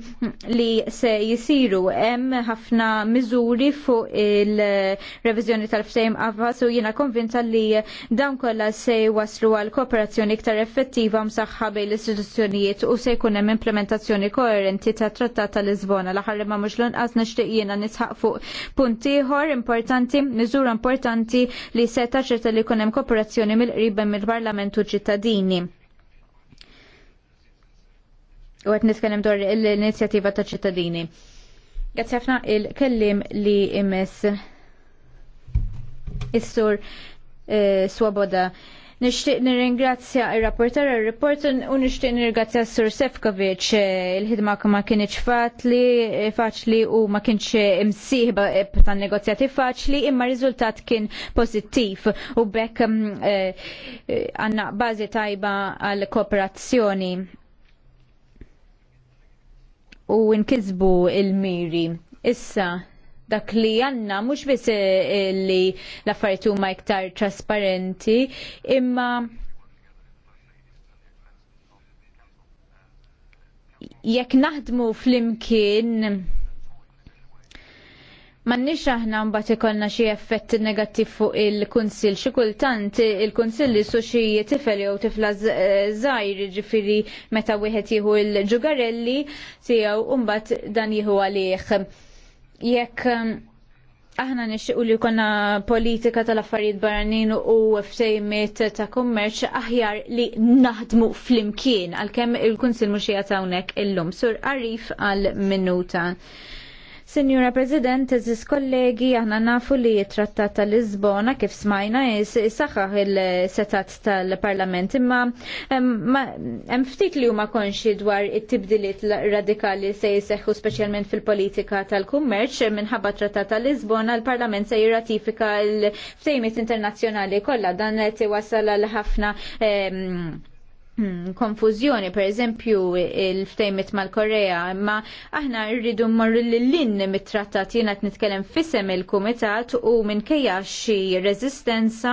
li se jisiru. Hemm ħafna miżuri fuq il-reviżjoni tal-ftehim avas u jiena konvinta li dawn kollha se waslu għal kooperazzjoni iktar effettiva msaħħa bejn l-istituzzjonijiet u se jkun hemm implementazzjoni koerenti tat trattat tal-Lisbona. L-aħħar ma mhux lanqas nixtieq jiena nisħaq fuq punti ieħor importanti, miżura importanti li se taċerta li jkun hemm kooperazzjoni mill-qrib mill-Parlamentu ċittadini u għet nitkellem dwar l inizjativa ta' ċittadini. Grazzi ħafna il-kellim li imess is-sur eh, Swaboda. Nishtiq nir-ingrazzja il-rapporter il-report u nishtiq nirringrazzja s-sur Sefkovic eh, il-ħidma ma kienieċ fatli, eh, faċli u ma kienx imsiħba ta' negozjati faċli imma riżultat kien pozittiv u bekk mm, għanna bazi tajba għal kooperazzjoni u nkisbu il-miri. Issa, dak li għanna mhux biss eh, eh, li l-affarijiet huma iktar trasparenti, imma jekk naħdmu flimkien Mannix aħna mbagħad ikollna xi effett negattiv fuq il-kunsill. Xi kultant il-kunsill li su xi tifel jew tifla eh, żgħir ġifieri meta wieħed jieħu l-ġugarelli tiegħu u mbagħad dan jieħu għalih. Jekk eh, aħna nixtiequ li jkollna politika tal-affarijiet barranin u ftejmiet ta' kummerċ aħjar li naħdmu flimkien għalkemm il-kunsill mhux jagħtawnek illum. Sur Arif għal minuta. Signora President, eżis kollegi, aħna nafu li trattat tal-Lisbona kif smajna saħħaħ il-setat tal-Parlament imma hemm ftit li huma konxi dwar it-tibdiliet radikali se jseħħu speċjalment fil-politika tal-kummerċ minħabba trattat tal-Lisbona l-Parlament se jirratifika l-ftejmiet internazzjonali kollha dan qed iwassal għal ħafna Hmm, konfużjoni, per eżempju, il-ftejmit mal-Korea, imma aħna rridu mmorru l-lin mit-trattat jena t-nitkellem fissem il-komitat u minn kajja xi rezistenza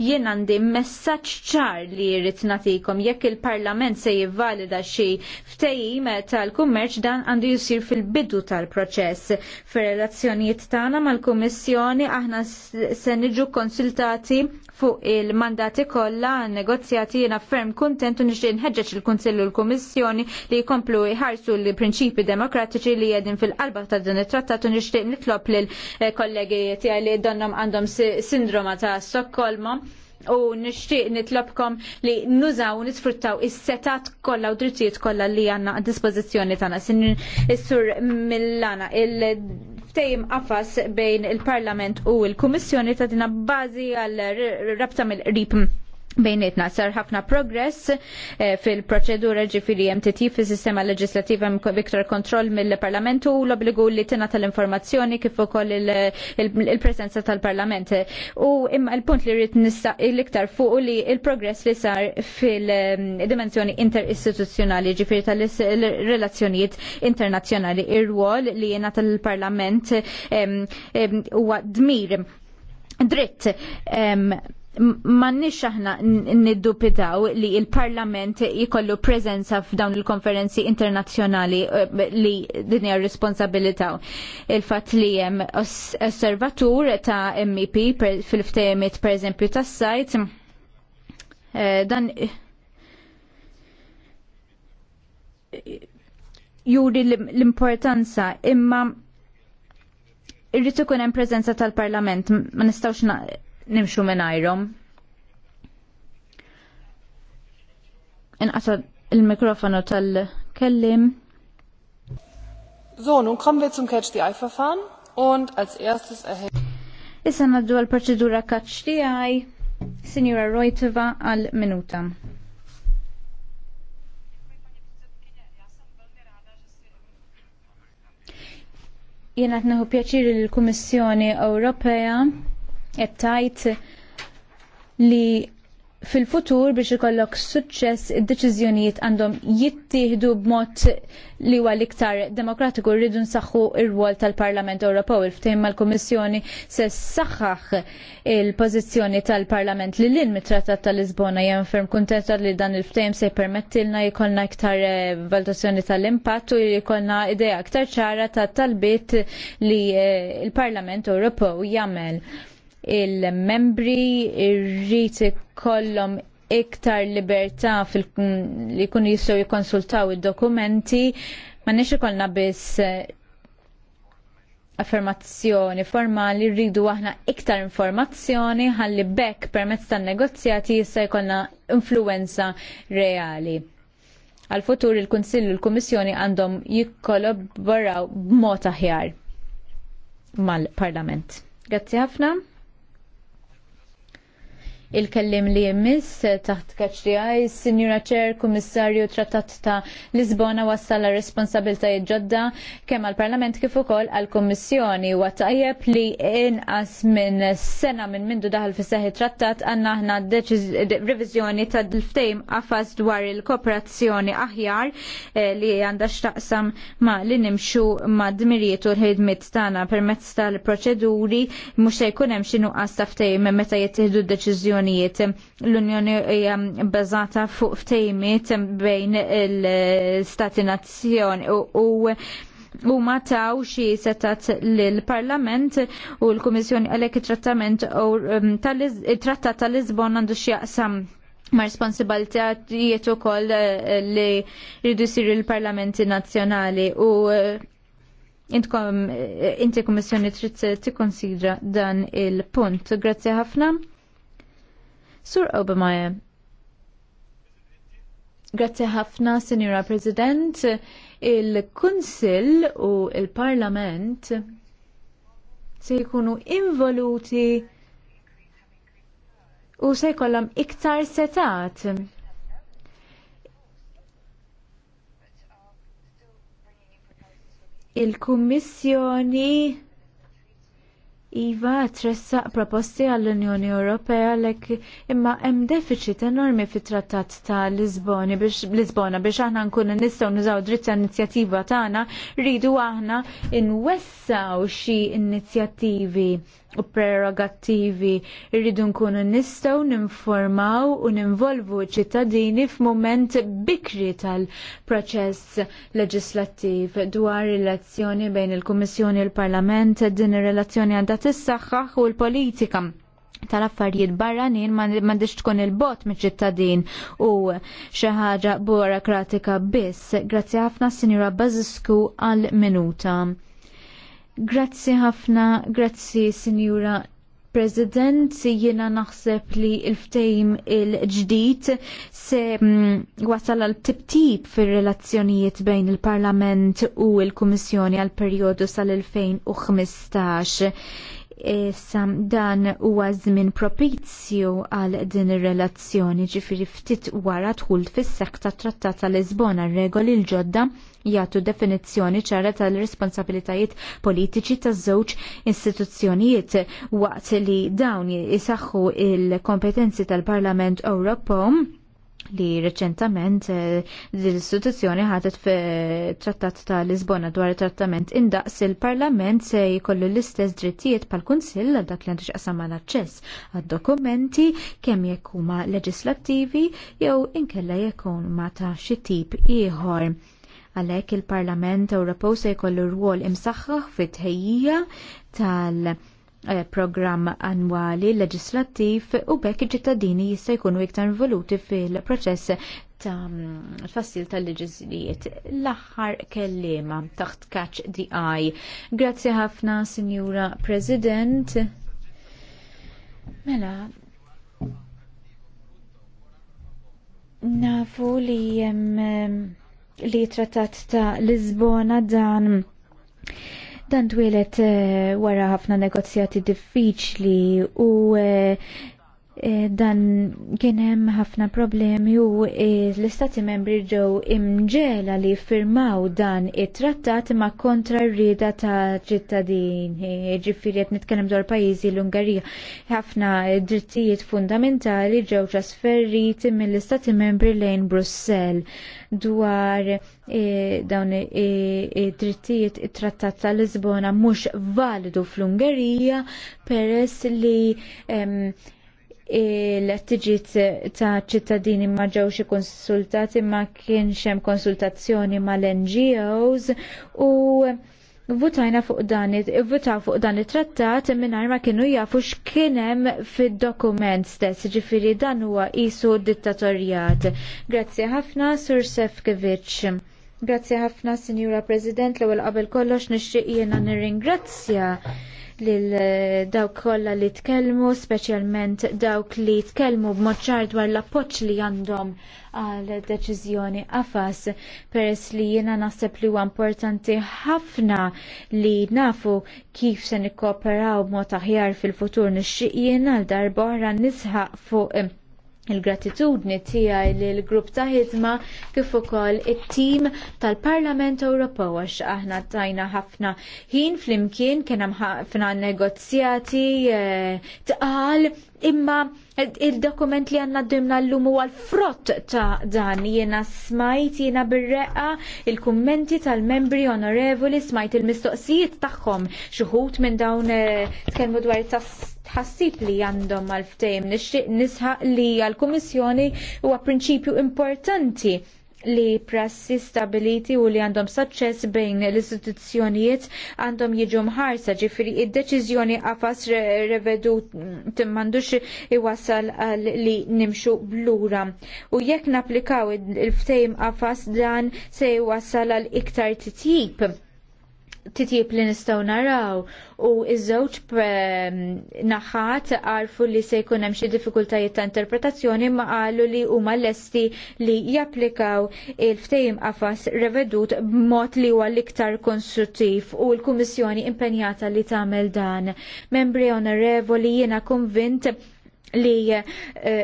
jien għandi messaċ ċar li rrit natikom jekk il-parlament se jivvalida xi ftejim tal-kummerċ dan għandu jisir fil-bidu tal-proċess. Fir-relazzjonijiet tagħna mal-Kummissjoni aħna se niġu konsultati fuq il-mandati kollha negozjati jiena ferm kontent u nixtieq il-Kunsill u l-Kummissjoni li jkomplu jħarsu l-prinċipi demokratiċi li jedin fil-qalba ta' din it trattatu u nixtieq nitlob lill-kollegi eh, tiegħi li donnom għandhom sindroma ta' Stokkolma u nixtieq nitlobkom li nużaw u nisfruttaw is-setat kollha u drittijiet kollha li għandna għad dispożizzjoni tagħna. Is-sur Millana il-ftejm qafas bejn il-Parlament u l-Kummissjoni ta' dina bażi għal rabta mill-qrib bejnietna sar ħafna progress eh, fil-proċedura ġifiri MTT fil-sistema leġislativa iktar kontroll mill-parlamentu u l-obligu li tina tal-informazzjoni kif ukoll il-presenza tal-parlament. U imma il-punt li rrit l-iktar fuq li il-progress li sar fil-dimensjoni interistituzzjonali ġifiri tal-relazzjonijiet internazzjonali ir-rwol li jena tal-parlament huwa dmir dritt. Mannix aħna niddupitaw li il-Parlament jikollu prezenza f'dawn il-konferenzi internazzjonali eh, li din hija responsabilità. Il-fatt li hemm osservatur ta' MEP fil per eżempju tas-sajt eh, dan juri l-importanza imma irrid ikun hemm preżenza tal-Parlament ma nistgħux nimxu minnajrom. Inqasad il-mikrofonu tal-kellim. So, nun kommen wir zum Catch the Eye Verfahren und als erstes erhält Issa naddu għal proċedura Catch the Eye, Signora Reuteva għal minuta. Jena għetneħu pjaċir l-Kummissjoni Ewropea qed tgħid li fil-futur biex ikollok suċċess id-deċiżjonijiet għandhom jittieħdu b'mod li huwa l-iktar demokratiku rridu nsaħħu r-rwol tal-Parlament Ewropew il-ftehim mal-Kummissjoni se saħħaħ il-pożizzjoni tal-Parlament li lin mit-Trattat tal-Lisbona jem ferm kuntenta li dan il-ftehim se jpermettilna jkollna iktar eh, valutazzjoni tal-impatt u jkollna idea iktar ċara ta' talbiet li eh, l parlament Ewropew jagħmel il-membri irrid ikollhom iktar libertà li jkunu jistgħu jikkonsultaw id-dokumenti ma nix ikollna biss eh, affermazzjoni formali rridu aħna iktar informazzjoni ħalli bekk permezz tan-negozjati jista' jkollna influwenza reali. Għal-futur il-Kunsill u l-Kummissjoni għandhom jikkollaboraw b'mod aħjar mal-Parlament. Grazzi ħafna il-kellim li jemmis taħt kaċrijaj, Signora Ċer, Kummissarju Trattat ta' Lisbona wassal responsabilta ġodda kemm għal-Parlament kif ukoll għal-Kommissjoni u tajjeb li inqas minn sena minn mindu daħal fis seħi trattat għanna ħna revizjoni ta' dil-ftejm għafas dwar il-kooperazzjoni aħjar eh, li għandha xtaqsam ma' li nimxu ma' dmirijiet u l-ħidmit tagħna permezz tal-proċeduri mhux se jkun hemm xi nuqqas ta' ftejm meta jittieħdu d-deċiżjoni istituzzjonijiet. L-Unjoni hija bbażata fuq ftejmiet bejn il-Stati Nazzjon u, u ma taw xi setat l-Parlament u l-Kummissjoni għalhekk it-trattament u trattat tal-Lisbon għandu x'jaqsam ma' responsabilitajiet ukoll li rridu jsiru l-Parlamenti Nazzjonali u inti kummissjoni trid tikkonsidra dan il-punt. Grazzi ħafna. Sur Obermeyer. Grazie ħafna, Signora President. Il-Kunsil u il-Parlament se jkunu involuti u se jkollam iktar setat. Il-Kummissjoni Iva tressaq proposti għall-Unjoni Ewropea lek imma hemm deficit enormi fit-Trattat ta' Lisboni biex Lisbona biex aħna nkun nistgħu nużaw dritt ta' inizjattiva tagħna rridu aħna nwessaw xi inizjattivi u prerogattivi irridu nkunu nistgħu ninformaw u ninvolvu ċittadini f'mument bikri tal-proċess leġislattiv dwar relazzjoni bejn il-Kummissjoni u l-Parlament din ir-relazzjoni għandha tissaħħaħ u l-politika tal-affarijiet barranin m'għandix tkun il-bot miċ ċittadin u xi ħaġa burokratika biss. Grazzi ħafna Sinjura Bazisku għal-minuta. Grazzi ħafna, grazzi Signora President, jiena naħseb li il-ftejm il-ġdid se mm, wasal għal tibtib fir relazzjonijiet bejn il-Parlament u il-Kummissjoni għal periodu sal-2015. Sam dan huwa żmien propizju għal din ir-relazzjoni ġifieri ftit wara dħul fis-seħħ tat-Trattat ta' Lisbona regoli l-ġodda jagħtu definizzjoni ċara tal-responsabilitajiet politiċi taż-żewġ istituzzjonijiet waqt li dawn jisaħħu il-kompetenzi tal-Parlament Ewropew li reċentament eh, l-istituzzjoni ħadet fi trattat ta' Lisbona dwar trattament indaqs il-Parlament se jkollu l-istess drittijiet pal kunsill għal dak li għandix qasam għal aċċess għad dokumenti kemm jekk huma leġislattivi jew inkella jekk huma ta' xi tip ieħor. Għalhekk il-Parlament Ewropew se jkollu rwol imsaħħaħ fit-tħejjija tal- Eh, programm annwali leġislattiv u bekk iċ-ċittadini jista' jkunu iktar involuti fil-proċess ta' mm, tfassil tal-leġizlijiet. L-aħħar kellima taħt kaċ DI. għaj. Grazzi ħafna, Signora President. Mela, nafu li jem eh, li trattat ta' Lisbona dan Dan dwilet eh, wara ħafna negozjati diffiċli u eh, Eh, dan kien hemm ħafna problemi u eh, l-istati membri ġew imġela li firmaw dan it-trattat ma kontra r-rieda ta' ċittadini. Eh, Ġifieri qed nitkellem dwar pajjiżi l-Ungarija. Ħafna drittijiet fundamentali ġew trasferiti mill-istati membri lejn Brussell dwar dawn id-drittijiet it-trattat ta' Lisbona mhux validu fl-Ungerija peress li l-attiġiet ta' ċittadini ma ġewx konsultati ma kienx hemm konsultazzjoni mal-NGOs u votajna fuq dan votaw fuq dan it-trattat mingħajr ma kienu jafu x'kien hemm fid-dokument stess, ġifieri dan huwa qisu dittatorjat. Grazzi ħafna Sur Sefkevic. Grazzi ħafna Sinjura President l-ewwel qabel kollox nixtieq jiena nirringrazzja lil eh, dawk kollha li tkellmu, speċjalment dawk li tkellmu b'mod ċar dwar l-appoġġ li għandhom għal deċiżjoni qafas peress li jiena naħseb li huwa importanti ħafna li nafu kif se nikkooperaw b'mod aħjar fil-futur nixtieq jiena għal darba nisħaq fuq eh, il-gratitudni tiegħi lill grupp ta' ħidma kif ukoll it-tim tal-Parlament Ewropew għax aħna tajna ħafna ħin flimkien kien hemm ħafna negozjati eh, tqal imma il-dokument li għanna dimna l-lum u għal frott ta' dan jiena smajt jiena bir-reqqa il-kummenti tal-membri onorevoli smajt il-mistoqsijiet tagħhom xi wħud minn dawn eh, tkellmu dwar tas tħassib li għandhom għal-ftejm nixtieq nisħaq li għal-Kummissjoni huwa prinċipju importanti li prassi stabiliti u li għandhom saċċess bejn l-istituzzjonijiet għandhom jiġu mħarsa ġifiri id-deċizjoni għafas revedu timmandux iwasal li nimxu blura. U jekk naplikaw il-ftejm għafas dan se iwasal għal iktar titjib titjib li nistgħu naraw u iż-żewġ ehm, naħat għarfu li se jkun hemm xi diffikultajiet ta' interpretazzjoni ma qalu li huma lesti li japplikaw il-ftehim qafas revedut b'mod li huwa l-iktar konstruttiv u l-Kummissjoni impenjata li tagħmel dan. Membri onorevoli jiena konvint li eh,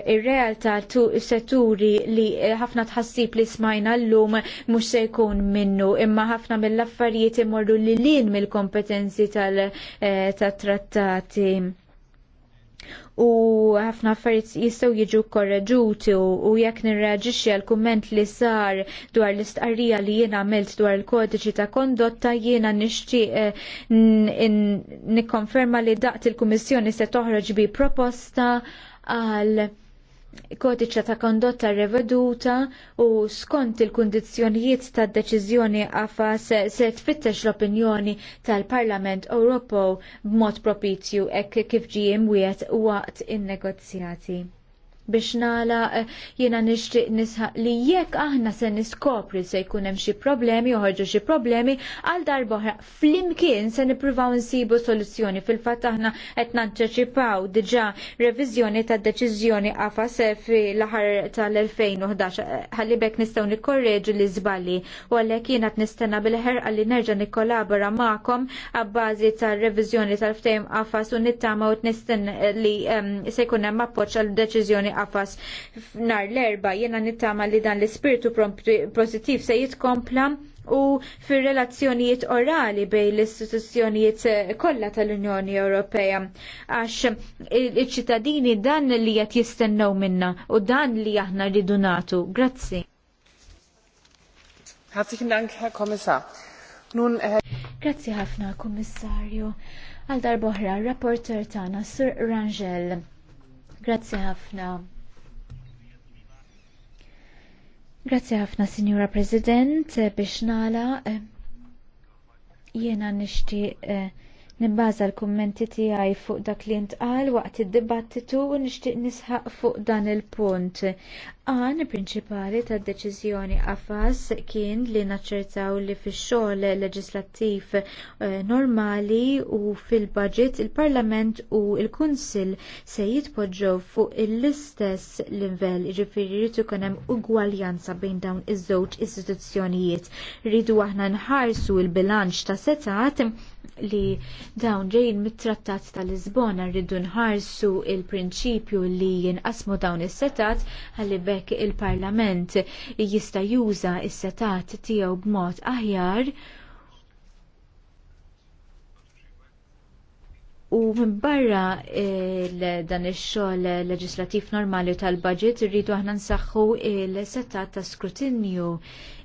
il realtà tu setturi li eh, ħafna tħassib li smajna l-lum mux se jkun minnu imma ħafna mill-affarijiet imorru li lin mill-kompetenzi tal-trattati. Eh, u ħafna affarijiet jistgħu jiġu korreġuti u jekk nirreaġixxi għal kumment li sar dwar l-istqarrija li jiena għamilt dwar il-kodiċi ta' kondotta jiena nixtieq eh, nikkonferma li daqt il-Kummissjoni se toħroġ bi proposta għal kodiċa ta' kondotta reveduta u skont il kundizzjonijiet tad deċiżjoni għafa se, se tfittex l-opinjoni tal-Parlament Ewropew b'mod propizju hekk kif ġie imwiet waqt in-negozjati biex nala eh, jina nixtieq nisħaq li jekk aħna se niskopri se jkun hemm xi problemi uħorġu xi problemi għal darba oħra flimkien se nippruvaw nsibu soluzzjoni fil-fatt aħna qed nanċeċipaw diġà reviżjoni ta' deċiżjoni fi fil aħar tal-2011 eh, ħalli bekk nistgħu nikkorreġu li żballi u għalhekk jiena nistenna bil ħer għalli nerġa' nikkolabora magħkom għabbażi tar reviżjoni tal-ftehim qafas u nittama u tnisten li ehm, se jkun hemm appoġġ għal deċiżjoni qafas f'nar l-erba jiena nittama li dan l-ispirtu pozitiv se jitkompla u fir relazzjonijiet orali bejn l-istituzzjonijiet eh, kollha tal-Unjoni Ewropea għax iċ-ċittadini dan li qed jistennew minna u dan li aħna rridu nagħtu. Grazzi. Herzlichen Dank, Herr Kommissar. Nun, äh, Grazzi ħafna, Kommissarju. Għal darboħra, rapporter tagħna Sir Rangel. Grazzi ħafna. Grazzi ħafna, Signora President, eh, biex nala jena nishti eh, eh Nimbaza l-kummenti tiegħi fuq dak li ntqal waqt id-dibattitu u nixtieq nisħaq fuq dan il-punt. Għan prinċipali tad deċiżjoni għafas kien li naċċertaw li fix-xogħol leġislattiv eh, normali u fil-budget il-Parlament u l kunsill se jitpoġġew fuq l-istess livell, jiġifieri jrid ikun hemm ugwaljanza bejn dawn iż-żewġ istituzzjonijiet. Rridu aħna nħarsu l-bilanċ ta' setat li dawn ġejjin mit-trattat tal-Lisbona rridu nħarsu il-prinċipju li jinqasmu dawn is-setat ħalli bekk il-Parlament jista' juża is-setat tiegħu b'mod aħjar U minn barra dan ix-xogħol leġislattiv normali tal-budget irridu aħna nsaħħu l setat ta' skrutinju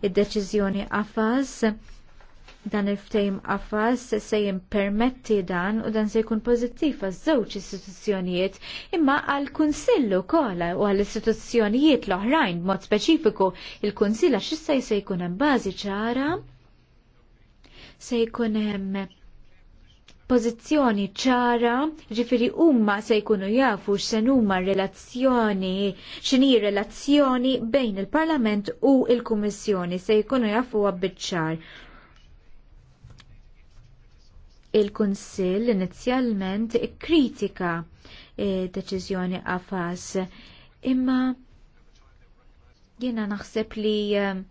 id-deċiżjoni qafas dan il-ftejm qafas se jimpermetti dan u dan se jkun pozittiv għaż żewġ istituzzjonijiet imma għal kunsillu kola u għal istituzzjonijiet l-oħrajn b'mod speċifiku il-kunsilla x'issa se jkun hemm bażi ċara se jkun hemm pożizzjoni ċara, ġifiri umma se jkunu jafu x'sen huma relazzjoni, x'inhi relazzjoni bejn il-Parlament u il-Kummissjoni se jkunu jafu għabbiċċar Il-Kunsill inizjalment kritika eh, deċiżjoni qafas imma jiena naħseb li eh,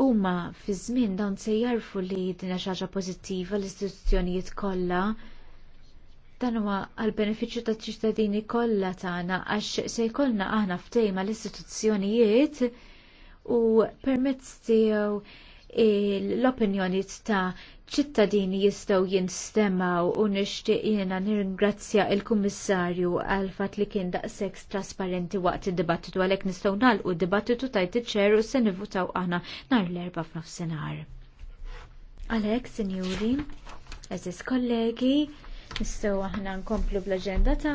huma fi żmien dawn se jarfu li din xi ħaġa pożittiva l-istituzzjonijiet kollha dan huwa għal benefiċċju taċ-ċittadini kollha tagħna għax se jkollna aħna ftehim l istituzzjonijiet u permezz tiegħu l-opinjoni ta' ċittadini jistgħu jinstemaw u nixtieq jiena nirringrazzja l kummissarju għal fatt li kien daqshekk trasparenti waqt id-dibattitu għalhekk nistgħu nagħlqu d-dibattitu tajt iċ-ċer u se nivvutaw aħna nhar l-erba' f'nofsinhar. Għalhekk, sinjuri, eżis kollegi, nistgħu aħna nkomplu bl-aġenda tagħna.